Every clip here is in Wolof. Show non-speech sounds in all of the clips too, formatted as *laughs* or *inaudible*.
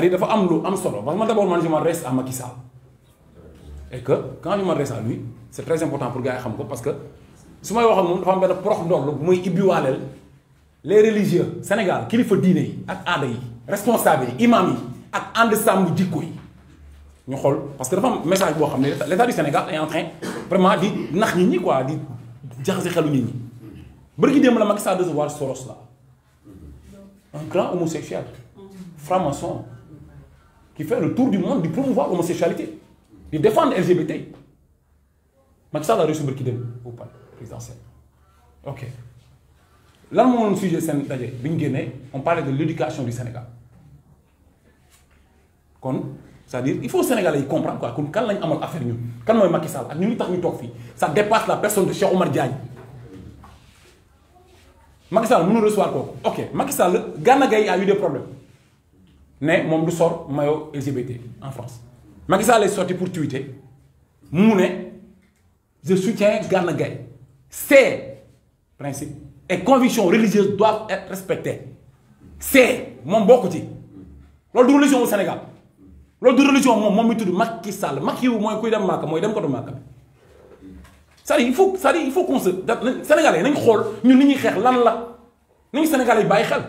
cest dafa am lu am solo parce que man d'abord man je m'adresse à Macky Sall et que quand je m'adresse à lui c'est très important pour gars yi xam ko parce que su may wax ak moom dafa am benn prox ndox la bu may ibbiwaaleel les religieux Sénégal kilifa diine yi ak aada yi responsable yi imam yi ak ànd sàmm jikko yi ñu xool parce que dafa am message boo xam ne l'état du Sénégal est en train vraiment di nax nit ñi quoi di jaxase xelu nit ñi bërgi démb la Macky Sall recevoir Soros la qui fait le tour du monde di promouvoir l'homosexualité di défendre LGBT Macky Sall a reçu bërki dem au palais présidentiel ok lan moo doon sujet seen daje bi ñu génnee on parlait de l'éducation du Sénégal kon c'est-à-dire il faut Sénégalais yi comprendre quoi kon kan lañ amal affaire ñun kan mooy Macky Sall ak ñu tax ñu toog fii sa dépasse la personne de Cheikh Oumar Diagne Macky Sall mënul recevoir kooku ok Macky Sall Gana Gueye a eu des problème ne moom du sor maillot LGBT en France Macky Sall lay sorti pour tweeter mu ne se soutiens Gana Gueye ces principes et convictions religieuses doivent être respectées c'est moom bokku ci loolu du religion wu Sénégal loolu du religion moom moom mi tudd Macky Sall Macky wu mooy kuy dem Màkka mooy dem ko du Màkka c'est-à-dire il faut c'est-à-dire il faut qu'on se Sénégalais nañ xool ñun ni ñuy xeex lan la nañu Sénégalais yi bàyyi xel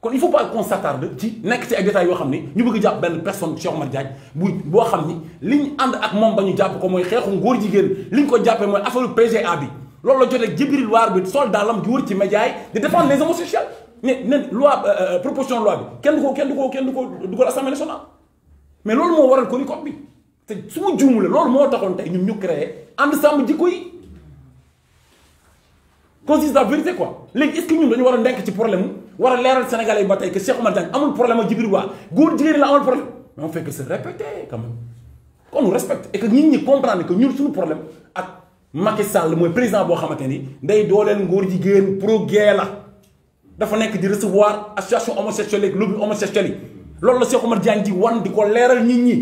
kon il faut pas qu'on s'attarde ci nekk ci ay yoo xam ni ñu bëgg jàpp benn personne Cheikh Omar Diagne bu boo xam ni li ñu ànd ak moom ba ñu jàpp ko mooy xeexu ngóor jigéen li ñu ko jàppee mooy affaire PGA bi loolu la jotee Djibril War bi soldat lam di wër ci média yi di défendre les homosexuels ne ne loi euh, euh, proposition loi bi kenn ko kenn ko kenn du ko dugal mais loolu moo waral ko ni code bi te su ma juumule loolu moo taxoon tey ñu ñu créé ànd sàmm jikko yi consiste à vérité quoi léegi est ce que ñun dañu war a nekk ci problème war a leeral Sénégalais yi ba tey que Cheikh Oumar Diagne amul problème ak Djibril Wa góor jigéen la amul problème mais on fait nit ñi comprendre que ñun suñu problème ak Macky mooy président boo xamante ni day dooleel ngóor jigéen pro gay la dafa nekk di recevoir association homosexuelle ak lobby homosexuel yi loolu la Cheikh Oumar Diagne di wan di ko leeral nit ñi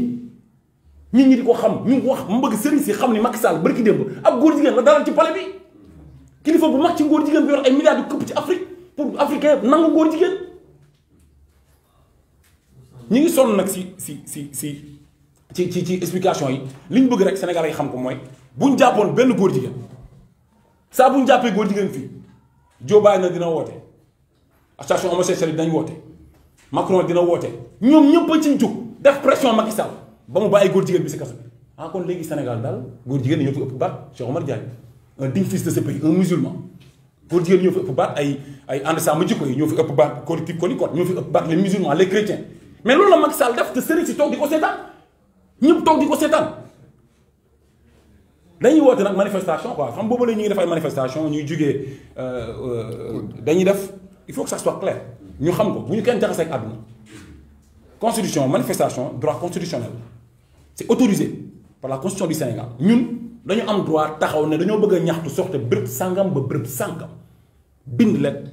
nit ñi di ko xam ñu wax mu bëgg sëriñ xam ni Macky Sall bërki démb ak góor jigéen la dalal ci palais bi kilifa bu mag ci ngóor jigéen bi yor ay milliards këpp ci Afrique pour africain nangu góor jigéen ñi ngi sonn nag si si si si ci ci ci explication yi li ñu bëgg rek sénégalais yi xam ko mooy bu ñu jàppoon benn góor jigéen saa bu ñu jàppee góor jigéen fii Joe Biden na dina woote association homosexuelle dañ woote Macron dina woote ñoom ñëpp a ci jóg def pression Macky ba mu bàyyi góor jigéen bi si kaso bi ah kon léegi Sénégal daal góor jigéen ñoo fi ëpp baat Cheikh Omar Diagne un digne fils de ce un musulman góor ay. ay ànd sàmm jikko yi ñoo fi ëpp baat kon kii kon ñoo fi ëpp baat les musulmans les chrétiens mais loolu la Macky Sall def te sëriñ si toog di ko seetaan ñëpp toog di ko seetaan dañuy woote nag manifestation quoi xam boobu la ñu ngi def ay manifestation ñuy euh, euh, dañuy def il faut que ça soit ñu xam ko bu ñu kenn jaxasee ak manifestation droit constitutionnel si autorisé par la constitution du Sénégal ñun dañu am droit taxaw ne dañoo bëgg ñaxtu soxte bërëb sàngam ba bërëb sàngam bind leen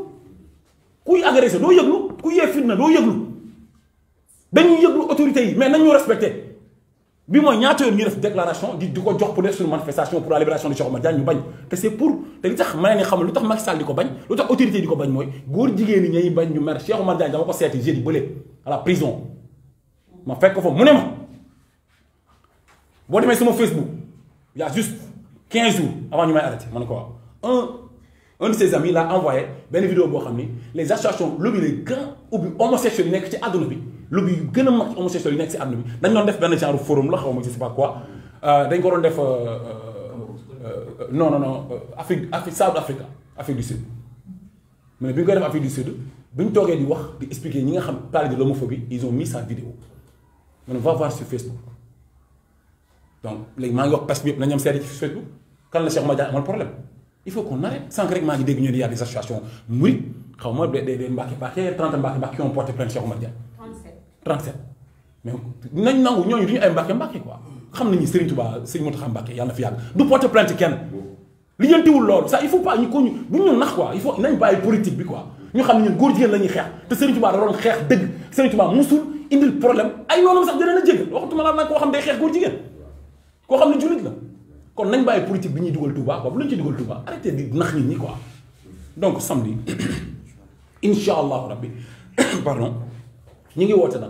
kuy agressé doo yëglu ku yee fitna doo yëglu dañuy yëglu autorités yi mais nañ ñu respecté bi mooy ñaata yoon ñuy def déclaration di di ko jox pour def suñu manifestation pour la libération de Cheikh Oumar Diagne ñu bañ te c'est pour te li tax ma ne xam lu tax Macky Sall di ko bañ lu tax autorités yi di ko bañ mooy góor jigéen ñi ñuy bañ ñu mer Cheikh Oumar Diagne dama ko seeti jeudi bële à la prison ma fekk ko fa mu ne ma boo demee sama Facebook il y a juste 15 jours man ko waaw un de ses amis l'a envoyé benn vidéo boo xam ni les associations lobby les grands ubbi homosexuels yi nekk ci àdduna bi lobby yu gën a mag ci homosexuels bi dañ doon def benn genre forum la xaw ma je euh, dañ ko doon def euh, euh, non non non Afrique Afrique South Africa mais bi ñu koy def Afrique ñu toogee di wax di ñi nga xam parler de l'homophobie ils ont mis sa vidéo man va voir sur Facebook donc léegi maa que yëpp nañu am seeti ci Facebook amal problème il faut qu'on arrête sànq rek maa ngi dégg ñu ne y a des associations murit xaw ma des des Mbacke Mbacke 30 Mbacke Mbacke qui ont porté plainte Cheikh Oumar Diagne. nañ nangu ñooñu du ay Mbacke Mbacke quoi xam nañu yàlla na fi yàgg du porté plainte kenn. li ñu diwul loolu ça il faut pas ñu ko ñu bu ñu nax quoi il faut nañ bàyyi politique bi quoi ñu xam ne ñun góor jigéen la ñuy xeex te Serigne Touba da doon xeex dëgg Serigne Touba musul indil problème ay yoonam sax danañ la jégal waxatuma laa nag koo xam day xeex góor jigéen koo xam ne jullit la kon nañ bàyyi politique bi ñuy dugal Touba boobu lu ñu ci dugal Touba arrêté di nax nit ñi quoi donc samedi *coughs* incha allahu rabbi *coughs* pardon ñu ngi woote nag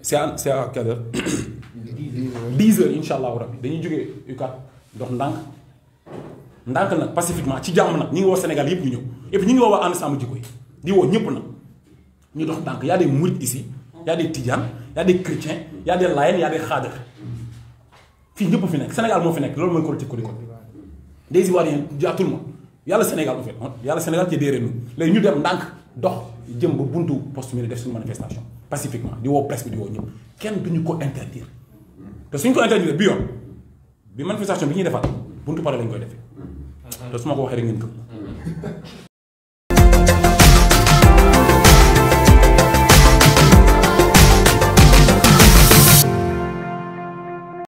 c'est à c'est à quelle heure. *coughs* dix heures allahu rabbi dañuy jógee UCAD dox ndànk ndànk nag pacifiquement ci jàmm nag ñu ngi woo Sénégal yëpp ñu ñëw et puis ñu ngi woo waa ànd sàmm jikko yi di woo ñëpp nag ñu dox ndànk y a des mourides ici y a des tidianes y a des chrétiens y a xaadar fii ñëpp fi nekk Sénégal moo fi nekk loolu mooy politique colicot bi des Ivoiriens à tout le monde yàlla Sénégal en fait yàlla Sénégal ci déeree nu léegi ñu dem ndànk dox jëm ba buntu poste mi def suñu manifestation pacifiquement di woo presse bi di woo ñëpp kenn duñu ko interdire te suñ ko interdire bi yoon bi manifestation bi ñuy defaat buntu pare lañ koy defee mm-hmm. te su ma ko waxee rek ngeen gëm mm-hmm. *laughs*